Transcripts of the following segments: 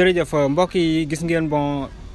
jërëjëf mbokk yi gis ngeen bon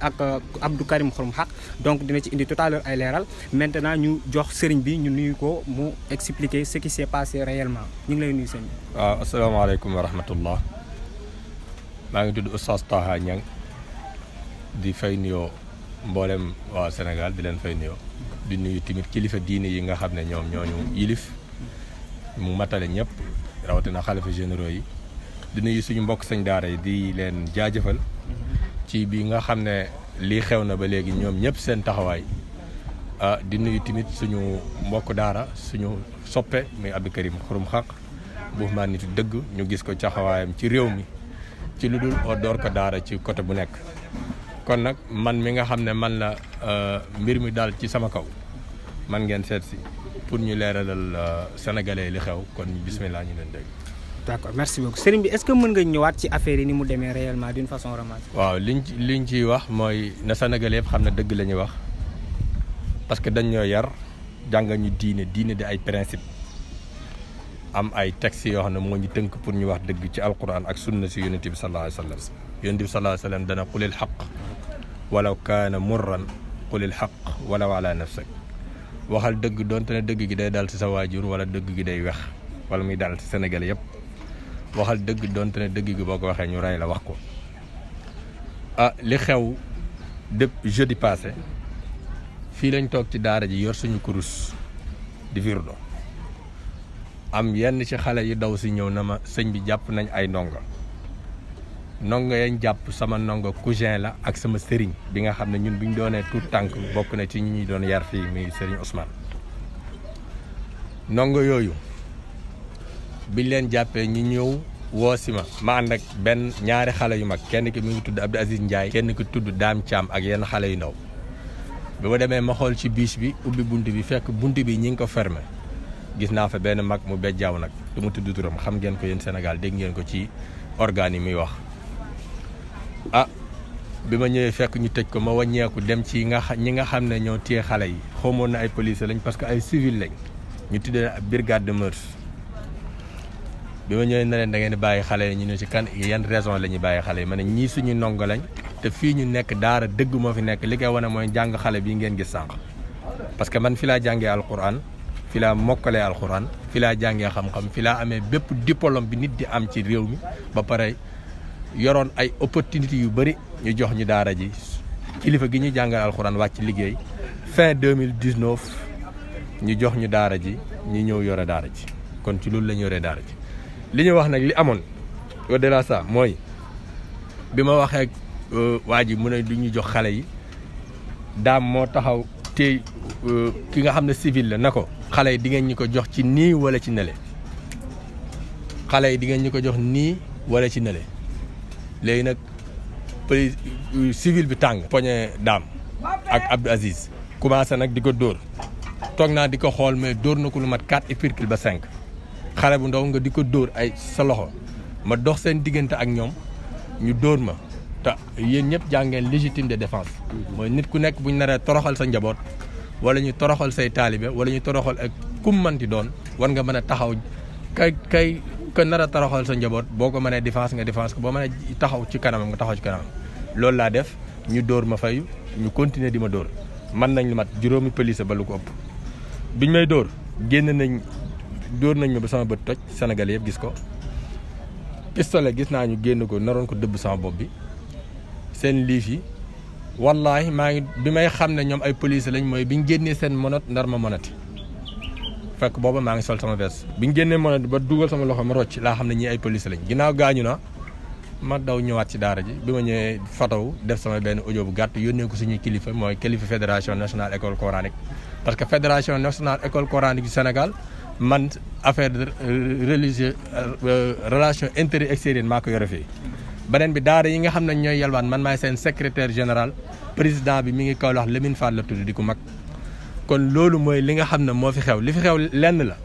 ak euh, Abdou Karim Xrum Xax donc dina ci indi tout ay leeral maintenant ñu jox sëriñ bi ñu nuyu ko mu expliquer ce qui s'est passé réellement ñu ngi lay nuyu sëriñ bi. waaw asalaamaaleykum wa rahmatullah maa ngi tudd Oustaz Taha Niang di fay nuyoo mboolem waa Sénégal di leen fay nuyoo di nuyu tamit kilifa diine yi nga xam ne ñoom ñoo ñooñu yilif mu matale ñëpp rawatina xalifa généraux yi di nuyu suñu mbokk sëñ daara yi di leen jaajëfal. ci bi nga xam ne lii xew na ba léegi ñoom ñëpp seen taxawaay ah, di nuyu tamit suñu mbokk daara suñu soppe muy Abdou Karim Xurum Xaq bu ma nit dëgg ñu gis ko taxawaayam ci réew mi ci lu dul oo door ko daara ci côté bu nekk kon nag man mi nga xam ne man la ah, mbir mi daal ci sama kaw man ngeen seet si pour ñu leeralal ah, sénégalais li xew kon bismillah ñu leen dégg d' accord merci beaucoup sëriñ bi est ce que mën nga ñëwaat ci affaire yi ni mu demee réellement d' une li ñu waaw ci wax mooy na senegal yëpp xam na dëgg la ñuy wax parce que dañ ñoo yar jàngal ñu diine diine di ay principe am ay textes yoo xam ne moo ñu tënk pour ñu wax dëgg ci alquran ak sunna si yonent bi sallallahu alayhi wa sallam yonent bi sallallahu alayhi wa sallam dana qulil xaq walaw kaana murran qulil xaq walaw ala nafsak waxal dëgg donte ne dëgg gi day dal ci sa waajur wala dëgg gi day wex wala muy daal ci senegal yëpp. waxal dëgg donte ne dëgg gi boo ko waxee ñu rey la wax ko ah li xew depuis jeudi passé fii lañ toog ci daara ji yor suñu kurus di virdo am yenn ci xale yi daw si ñëw na ma sëñ bi jàpp nañ ay ndongo ndongo yañ jàpp sama ndongo cousin la ak sama sëriñ bi nga xam ne ñun bu ñu doonee tout tànk bokk na ci ñu ñuy doon yar fii muy sëriñ osmaan ndongo yooyu. biñ leen jàppee ñu ñëw woo si ma ma ànd ak benn ñaari xale yu mag kenn ki mi ngi tudd Abdou Aziz Ndiaye kenn ki tudd Dame Thiam ak yenn xale yu ndaw bi ma demee ma xool ci biis bi ubbi bunt bi fekk bunt bi ñi ngi ko ferme gis naa fa benn mag mu bejjaaw nag du ma tudd turam xam ngeen ko yéen senegal dégg ngeen ko ci organes yi muy wax a ah, bi ma ñëwee fekk ñu tëj ko ma wàññeeku dem ci nga ñi nga xam ne ñoo téye xale yi xamoon na ay police lañ parce que ay civil lañ ñu tuddee brigade de mœurs bi ma ñëwee na leen da ngeen di bàyyi xale yi ñu ne ci kan yan raison la ñuy bàyyi xale yi ma ñii suñu ndongo lañ te fii ñu nekk daara dëgg moo fi nekk liggéey wane mooy jàng xale bi ngeen gi sànq parce que man fi laa jàngee alquran fi laa mokkalee alquran fi laa jàngee xam-xam fi laa amee bépp diplôme bi nit di am ci réew mi ba pare yoroon ay opportunité yu bëri ñu jox ñu daara ji kilifa gi ñu jàngal alxuraan wàcc liggéey fin 2019 ñu jox ñu daara ji ñu ñëw yore daara kon ci loolu la ñu yore daara ji li ñu wax nag li amoon au delà mooy bi ma waxee ak euh, waa ji mu ne du ñu jox xale yi daam moo taxaw te euh, ki nga xam ne civil la na ko xale yi di ngeen ñu ko jox ci nii wala ci nele xale yi di ñu ko jox nii wala ci nele léegi nag police euh, civil bi tàng poñe daam ak Abdou Aziz commencé nag di ko dóor toog naa di ko xool mais dóor na ko lu mat 4 virgule ba 5 xale bu ndaw nga di ko dóor ay sa loxo ma dox seen diggante ak ñoom ñu dóor ma ta yéen ñëpp jàngeen légitime de défense mooy nit ku nekk bu ñu naree toroxal sa njaboot wala ñu toroxal say taalibe wala ñu toroxal ak kum manti doon war nga mën a taxaw kay kay ko nara toroxal sa njaboot boo ko mënee défense nga défense ko boo mënee taxaw ci kanamam nga taxaw ci kanamam loolu laa def ñu dóor ma fayu ñu continuer di ma dóor man nañ lu mat juróomi police ba lu ko ëpp dóor nañ ma ba sama bët toj Sénégal yëpp gis ko pistolet gis naa ñu génn ko naroon ko dëbb sama bopp bi seen liif yi wallaahi maa ngi bi may xam ne ñoom ay police lañ mooy biñ génnee seen monot ndar ma monati fekk booba maa ngi sol sama veste biñ génnee monot ba dugal sama loxo ma rocc laa xam ne ñi ay police lañ ginnaaw gaañu na ma daw ñëwaat ci daara ji bi ma ñëwee fataw def sama benn audio bu gàtt yónnee ko suñuy kilifa mooy kilifa fédération nationale école coranique parce que fédération nationale école coranique du Sénégal man affaire euh, religieux euh, relation intérieur extérieur maa ko yore fii. beneen bi daara yi nga xam ne ñooy yalwaan man maay seen secretaire général président bi mi ngi kaw wax Lamine Fall la tudd di ko mag. kon loolu mooy li nga xam ne moo fi xew li fi xew lenn la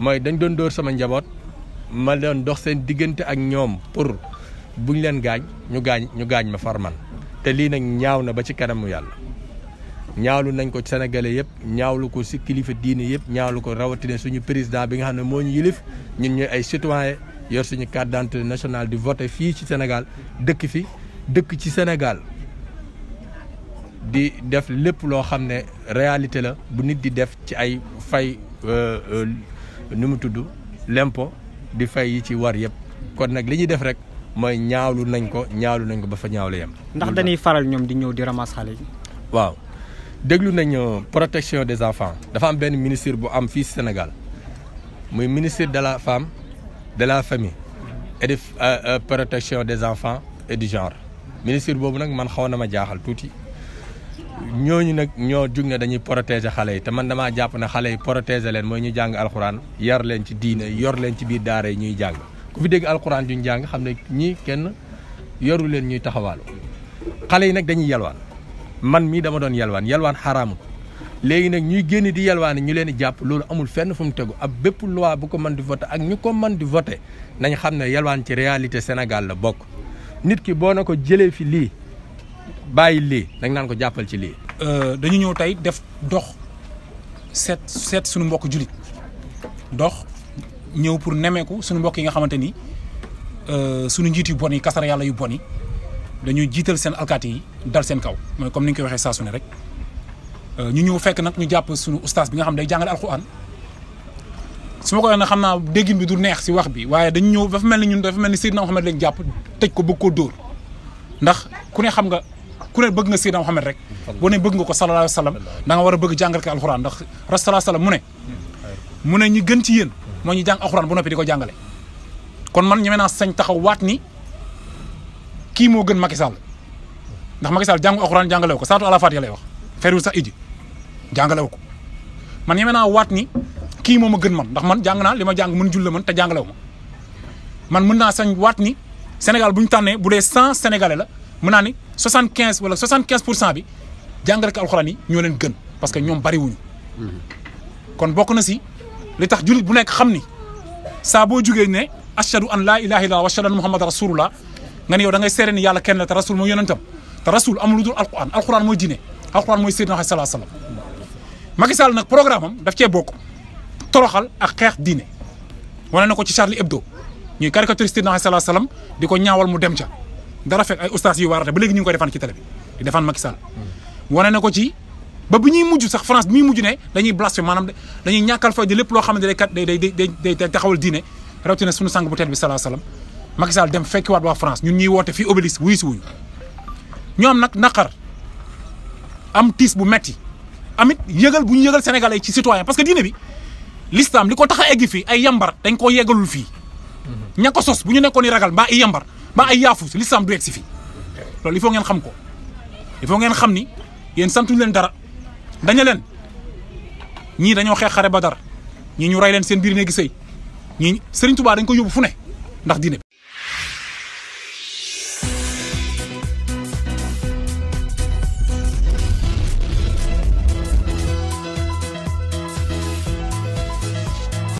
mooy dañ doon dóor sama njaboot ma doon dox seen diggante ak ñoom pour buñ leen gaañ ñu gaañ ñu gaañ ma far man te lii nag ñaaw na ba ci kanamu yàlla. ñaawlu nañ ko sénégalais yëpp ñaawlu ko si kilifa diine yëpp ñaawlu ko rawatina suñu président bi nga xam ne moo ñu yilif ñun ñooy ay citoyen yor suñu carte d'identité nationale di voter fii ci Sénégal dëkk fi dëkk ci Sénégal di def lépp loo xam ne réalité la bu nit di def ci ay fay euh, euh, ni mu tudd lempo di fay yi ci war yëpp kon nag li ñuy def rek mooy ñaawlu nañ ko ñaawlu nañ ko ba fa ñaawlu yam ndax dañuy faral ñoom di ñëw di ramas xale yi. waaw. déglu nañ protection des enfants dafa am benn ministère bu am fii Sénégal muy ministère de la femme de la famille et de euh, euh, protection des enfants et du genre ministère boobu nag man xaw na ma jaaxal tuuti ñooñu nag ñoo jug ne dañuy protéger xale yi te man damaa jàpp ne xale yi protéger leen mooy ñu jàng alxuraan yar leen ci diine yor leen ci biir daare yi ñuy jàng ku fi dégg alxuraan duñ jàng xam ne ñii kenn yoru leen ñuy taxawaalu xale yi nag dañuy yalwaan man mii dama doon yalwaan yalwaan xaraamut léegi nag ñuy génn di yalwaane ñu leen di jàpp loolu amul fenn fu mu tegu ab bépp loi bu ko man di voté ak ñu ko man di voté nañ xam ne yalwaan ci réalité Sénégal la bokk nit ki boo na ko jëlee fi lii bàyyi lii dañ naan ko jàppal ci lii. Euh, dañu ñëw tey def dox seet seet suñu mbokk julit dox ñëw pour nemeeku suñu mbokk yi nga xamante ni euh, suñu njiit yu bon yi kasar yàlla yu bon yi dañuy jiital seen alkaati yi. dal seen kaw mooy comme ni ñu koy waxee saa ne rek euh, ñu ñëw fekk nag ñu jàpp suñu ustaas bi nga xam day jàngale alxuraan su ma ko waxee nag xam naa déggin bi du neex si wax bi waaye dañu ñëw dafa mel ni ñun dafa mel ni Seydina Mohamed lañ jàpp tëj ko bëgg koo dóor ndax ku ne xam nga ku ne bëgg nga Seydina Mohamed rek boo ne bëgg nga ko sallallahu alayhi wa war a bëgg jàngal ko alxuraan ndax rasulullah sallam mu ne mu ne ñu gën ci yéen moo ñu jàng alxuraan bu noppi di ko jàngale kon man ñeme naa sañ taxaw waat ni kii moo gën Macky Sall ndax Macky Sall jàngu alxuraan jàngalewu ko saatu ala faatiha lay wax ferul sax iji jàngalewu ko man yemee naa waat ni kii moom a gën man ndax man jàng naa li ma jàng mën julla man te jàngalewu ma man mën naa sañ waat ni Sénégal bu ñu tànnee bu dee cent sénégalais la mën naa ni soixante quinze wala soixante quinze pour cent bi jàngalekat alxuraan yi ñoo leen gën parce que ñoom bariwuñu kon bokk na si li tax jullit bu nekk xam ni saa boo jugee ne ashadu an laa ilaha illallah wa ashadu an muhammad rasulullah nga ne yow da ngay seere ni yàlla kenn la te rasul te rasul amul lu dul alquran alquran mooy diine alquran mooy Seydina Xassala Sallam Macky Sall nag programme am daf cee bokk toroxal ak xeex diine wane na ko ci Charlie Hebdo ñuy caricature Seydina Xassala Sallam di ko ñaawal mu dem ca dara fekk ay ustaas yu waarate ba léegi ñu ngi koy defaan ci télé bi di defaan Macky Sall na ko ci ba bu ñuy mujj sax France bi ñuy mujj ne dañuy blasphème maanaam dañuy ñàkkal fay di lépp loo xamante ne kat day day day day taxawal diine rawatina suñu sang bu tedd bi salaa salaam Macky Sall dem fekkiwaat ñun ñuy woote fii obélisque wuyu si ñoom nag naqar am tiis bu metti amit yëgal bu ñu yëgal sénégalais ci citoyen parce que diine bi l'islam li ko tax a eggi fii ay yambar dañ koo yeggalul fii mhm. ña sos bu ñu nekkoon ni ragal mbaa ay yambar mbaa ay yaafus l'islam du egg si fi loolu il faut ngeen xam ko il ngeen xam ni yéen santuñu leen dara dañu leen ñii dañoo xeex xare ba dara ñii ñu rey leen seen biir néegi sëy ñii Serigne Touba dañ ko yóbu fu ne ndax diine